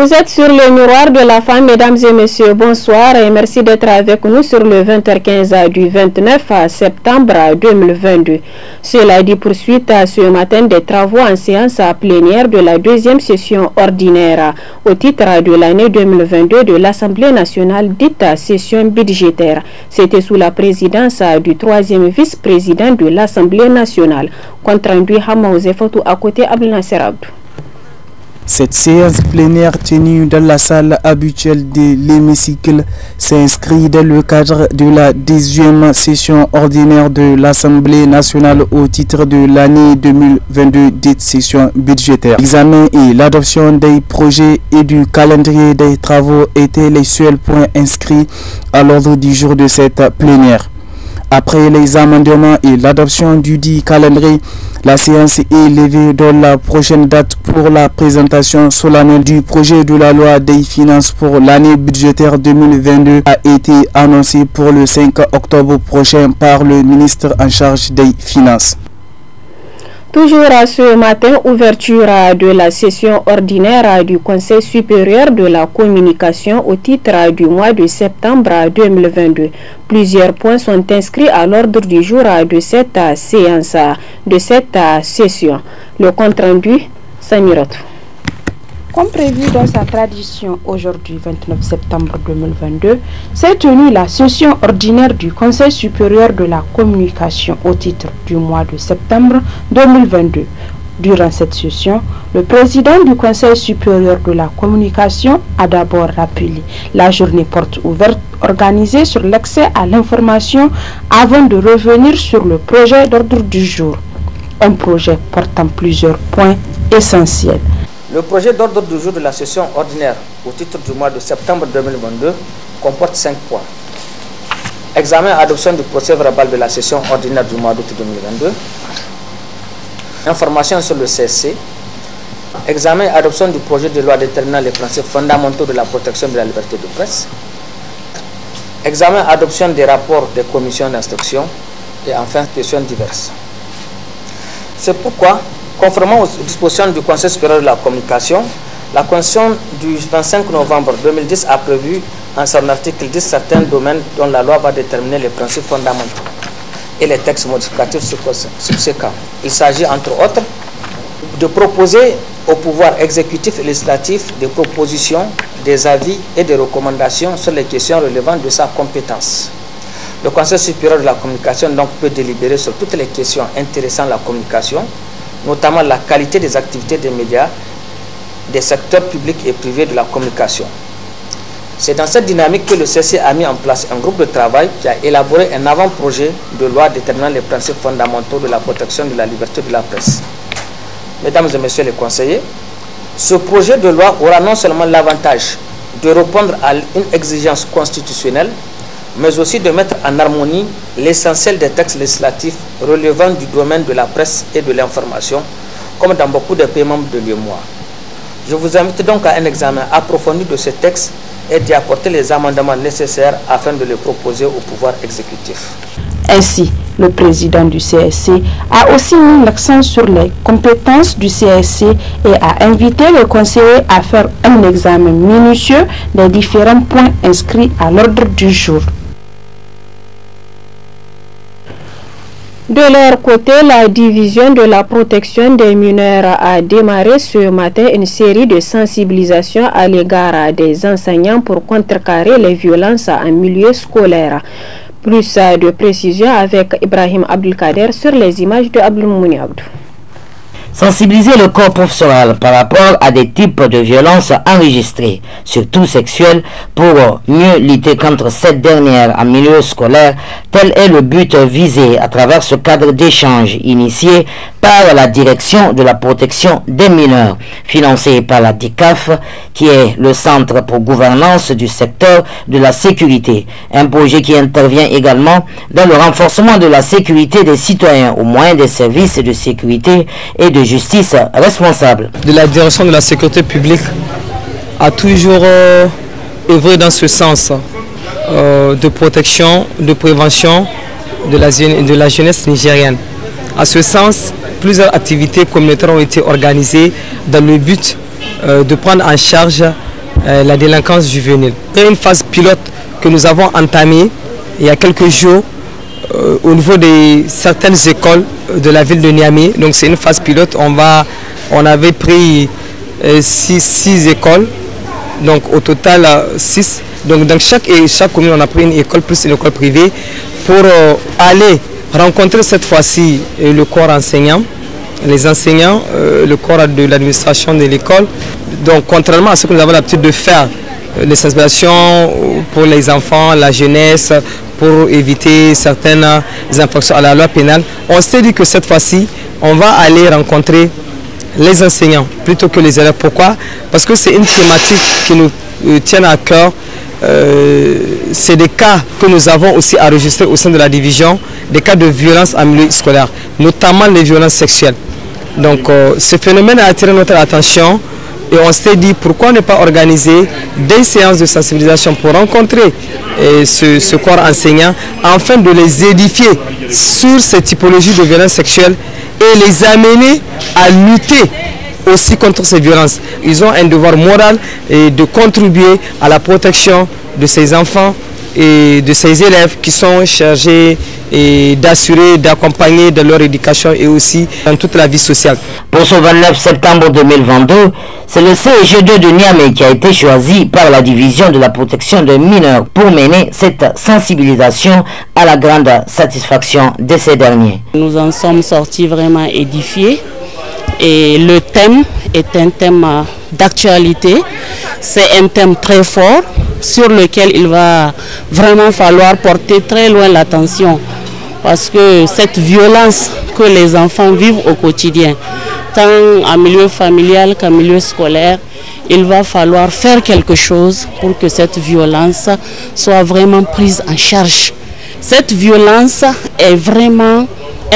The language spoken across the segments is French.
Vous êtes sur le miroir de la femme, mesdames et messieurs. Bonsoir et merci d'être avec nous sur le 20h15 du 29 septembre 2022. Cela dit poursuite à ce matin des travaux en séance plénière de la deuxième session ordinaire au titre de l'année 2022 de l'Assemblée nationale dite session budgétaire. C'était sous la présidence du troisième vice-président de l'Assemblée nationale. Contre-induit Hama à côté Abdel Nasser cette séance plénière tenue dans la salle habituelle de l'hémicycle s'inscrit dans le cadre de la 10 e session ordinaire de l'Assemblée nationale au titre de l'année 2022 dite session budgétaire. L'examen et l'adoption des projets et du calendrier des travaux étaient les seuls points inscrits à l'ordre du jour de cette plénière. Après les amendements et l'adoption du dit calendrier, la séance est levée dans la prochaine date pour la présentation solennelle du projet de la loi des finances pour l'année budgétaire 2022 a été annoncée pour le 5 octobre prochain par le ministre en charge des Finances. Toujours à ce matin, ouverture de la session ordinaire du Conseil supérieur de la communication au titre du mois de septembre 2022. Plusieurs points sont inscrits à l'ordre du jour de cette séance, de cette session. Le compte rendu, Sanirot. Comme prévu dans sa tradition, aujourd'hui 29 septembre 2022, s'est tenue la session ordinaire du Conseil supérieur de la communication au titre du mois de septembre 2022. Durant cette session, le président du Conseil supérieur de la communication a d'abord rappelé la journée porte ouverte organisée sur l'accès à l'information avant de revenir sur le projet d'ordre du jour. Un projet portant plusieurs points essentiels le projet d'ordre du jour de la session ordinaire au titre du mois de septembre 2022 comporte cinq points. Examen adoption du procès verbal de la session ordinaire du mois d'août 2022. Information sur le cc Examen adoption du projet de loi déterminant les principes fondamentaux de la protection de la liberté de presse. Examen adoption des rapports des commissions d'instruction. Et enfin, questions diverses. C'est pourquoi Conformément aux dispositions du Conseil supérieur de la communication, la Constitution du 25 novembre 2010 a prévu en son article 10 certains domaines dont la loi va déterminer les principes fondamentaux et les textes modificatifs subséquents. Il s'agit entre autres de proposer au pouvoir exécutif et législatif des propositions, des avis et des recommandations sur les questions relevant de sa compétence. Le Conseil supérieur de la communication donc peut délibérer sur toutes les questions intéressant la communication, notamment la qualité des activités des médias des secteurs publics et privés de la communication. C'est dans cette dynamique que le CC a mis en place un groupe de travail qui a élaboré un avant-projet de loi déterminant les principes fondamentaux de la protection de la liberté de la presse. Mesdames et Messieurs les conseillers, ce projet de loi aura non seulement l'avantage de répondre à une exigence constitutionnelle mais aussi de mettre en harmonie l'essentiel des textes législatifs relevant du domaine de la presse et de l'information, comme dans beaucoup de pays membres de moi. Je vous invite donc à un examen approfondi de ce texte et d'y apporter les amendements nécessaires afin de les proposer au pouvoir exécutif. Ainsi, le président du CSC a aussi mis l'accent sur les compétences du CSC et a invité les conseillers à faire un examen minutieux des différents points inscrits à l'ordre du jour. De leur côté, la division de la protection des mineurs a démarré ce matin une série de sensibilisations à l'égard des enseignants pour contrecarrer les violences en milieu scolaire. Plus de précision avec Ibrahim Abdelkader sur les images de Abdelmouni Sensibiliser le corps professoral par rapport à des types de violences enregistrées, surtout sexuelles, pour mieux lutter contre cette dernière en milieu scolaire, tel est le but visé à travers ce cadre d'échange initié par la direction de la protection des mineurs, financé par la DICAF, qui est le centre pour gouvernance du secteur de la sécurité, un projet qui intervient également dans le renforcement de la sécurité des citoyens au moyen des services de sécurité et de justice responsable. De la direction de la sécurité publique a toujours euh, œuvré dans ce sens euh, de protection, de prévention de la, jeunesse nigérienne. À ce sens, plusieurs activités communautaires ont été organisées dans le but euh, de prendre en charge la délinquance juvénile. une phase pilote que nous avons entamée il y a quelques jours euh, au niveau de certaines écoles euh, de la ville de Niamey. Donc c'est une phase pilote. On, va, on avait pris euh, six écoles, donc au total six. Donc dans chaque, chaque commune, on a pris une école plus une école privée pour aller rencontrer cette fois-ci le corps enseignant, les enseignants, le corps de l'administration de l'école. Donc contrairement à ce que nous avons l'habitude de faire les sensibilisations pour les enfants, la jeunesse, pour éviter certaines infractions à la loi pénale. On s'est dit que cette fois-ci, on va aller rencontrer les enseignants plutôt que les élèves. Pourquoi Parce que c'est une thématique qui nous euh, tient à cœur. Euh, c'est des cas que nous avons aussi enregistrés au sein de la division, des cas de violence en milieu scolaire, notamment les violences sexuelles. Donc euh, ce phénomène a attiré notre attention et on s'est dit pourquoi ne pas organiser des séances de sensibilisation pour rencontrer eh, ce, corps enseignant afin de les édifier sur ces typologies de violence sexuelle et les amener à lutter aussi contre ces violences. Ils ont un devoir moral et de contribuer à la protection de ces enfants et de ces élèves qui sont chargés d'assurer, d'accompagner dans leur éducation et aussi dans toute la vie sociale. Pour ce 29 septembre 2022, c'est le CEG2 de Niamey qui a été choisi par la division de la protection des mineurs pour mener cette sensibilisation à la grande satisfaction de ces derniers. Nous en sommes sortis vraiment édifiés et le thème est un thème d'actualité, c'est un thème très fort sur lequel il va vraiment falloir porter très loin l'attention. Parce que cette violence que les enfants vivent au quotidien, tant en milieu familial qu'en milieu scolaire, il va falloir faire quelque chose pour que cette violence soit vraiment prise en charge. Cette violence est vraiment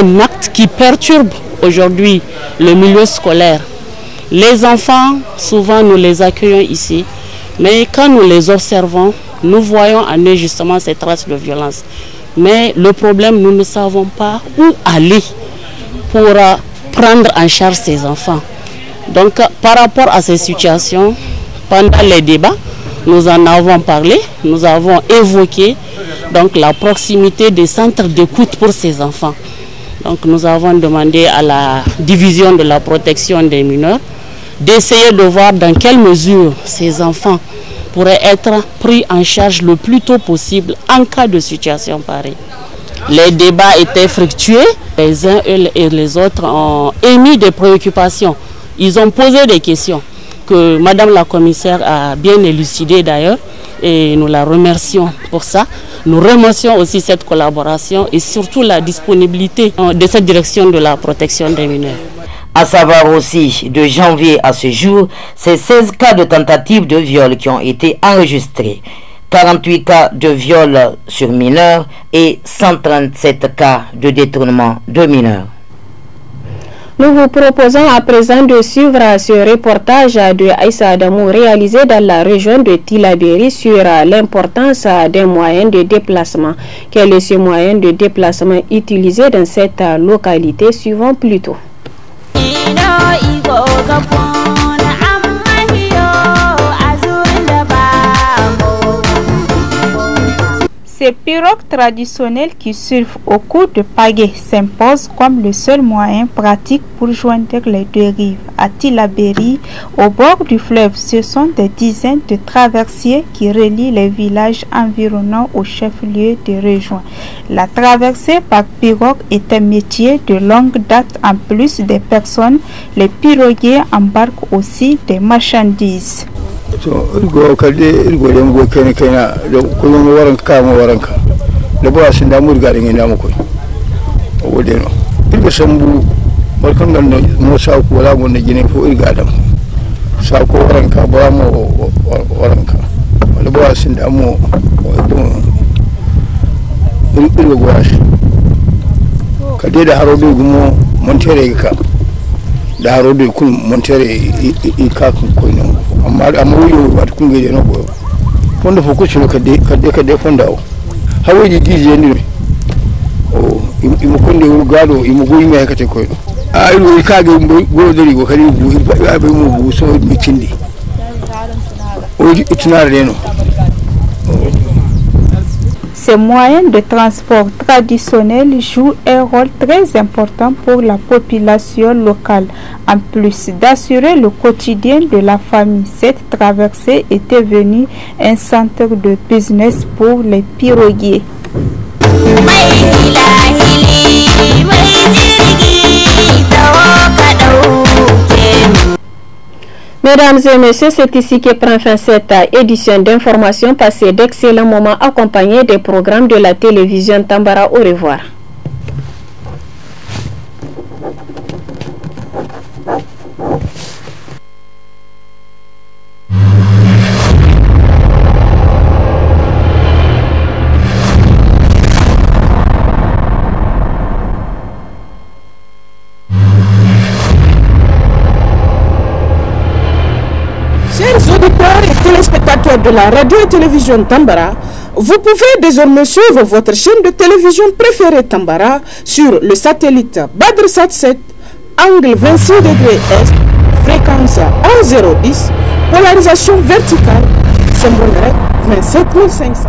un acte qui perturbe aujourd'hui le milieu scolaire. Les enfants, souvent nous les accueillons ici, mais quand nous les observons, nous voyons en eux justement ces traces de violence. Mais le problème, nous ne savons pas où aller pour euh, prendre en charge ces enfants. Donc euh, par rapport à ces situations, pendant les débats, nous en avons parlé, nous avons évoqué donc, la proximité des centres d'écoute pour ces enfants. Donc nous avons demandé à la division de la protection des mineurs d'essayer de voir dans quelle mesure ces enfants pourraient être pris en charge le plus tôt possible en cas de situation pareille. Les débats étaient fructueux, les uns et les autres ont émis des préoccupations, ils ont posé des questions que Madame la commissaire a bien élucidées d'ailleurs et nous la remercions pour ça. Nous remercions aussi cette collaboration et surtout la disponibilité euh, de cette direction de la protection des mineurs. À savoir aussi, de janvier à ce jour, c'est 16 cas de tentatives de viol qui ont été enregistrés, 48 cas de viol sur mineurs et 137 cas de détournement de mineurs. Nous vous proposons à présent de suivre ce reportage de Aïssa Adamou réalisé dans la région de Tilaberi sur l'importance des moyens de déplacement. Quel est ce moyen de déplacement utilisé dans cette localité Suivons plutôt. 高光。Ces pirogues traditionnelles qui surfent au cours de pagaie s'imposent comme le seul moyen pratique pour joindre les deux rives. À Tilaberi, au bord du fleuve, ce sont des dizaines de traversiers qui relient les villages environnants au chef-lieu de région. La traversée par pirogue est un métier de longue date en plus des personnes. Les piroguiers embarquent aussi des marchandises. to irgo de irgo dem go kene kena da kullum waran ka mu waran ka da ba sun da mu riga da na mu koi o de no irgo sambu barkan nan mo sa ko wala mun ne gine ko irga da sa ko waran ka ba mu waran ka da ba sun da mu irgo go shi kade da haro do gumo mun tere ka daro de kun montere i ka kun ko no amma amma yo ba kun ge no go fonda fo ka kade ka kade fonda o hawo ji ji je ni o imu konde wuro gado goyi go ka kate ko no ayi wo ka ge go ri go kali bu ba be mu bu so mi cindi o itinare no ces moyens de transport traditionnels jouent un rôle très important pour la population locale. En plus d'assurer le quotidien de la famille, cette traversée est devenue un centre de business pour les piroguiers. Mesdames et messieurs, c'est ici que prend fin cette euh, édition d'information. passée d'excellents moments accompagnés des programmes de la télévision Tambara. Au revoir. Chers auditeurs et téléspectateurs de la radio et télévision Tambara, vous pouvez désormais suivre votre chaîne de télévision préférée Tambara sur le satellite sat 7, angle 26 degrés Est, fréquence 1010, polarisation verticale, symbole 27500.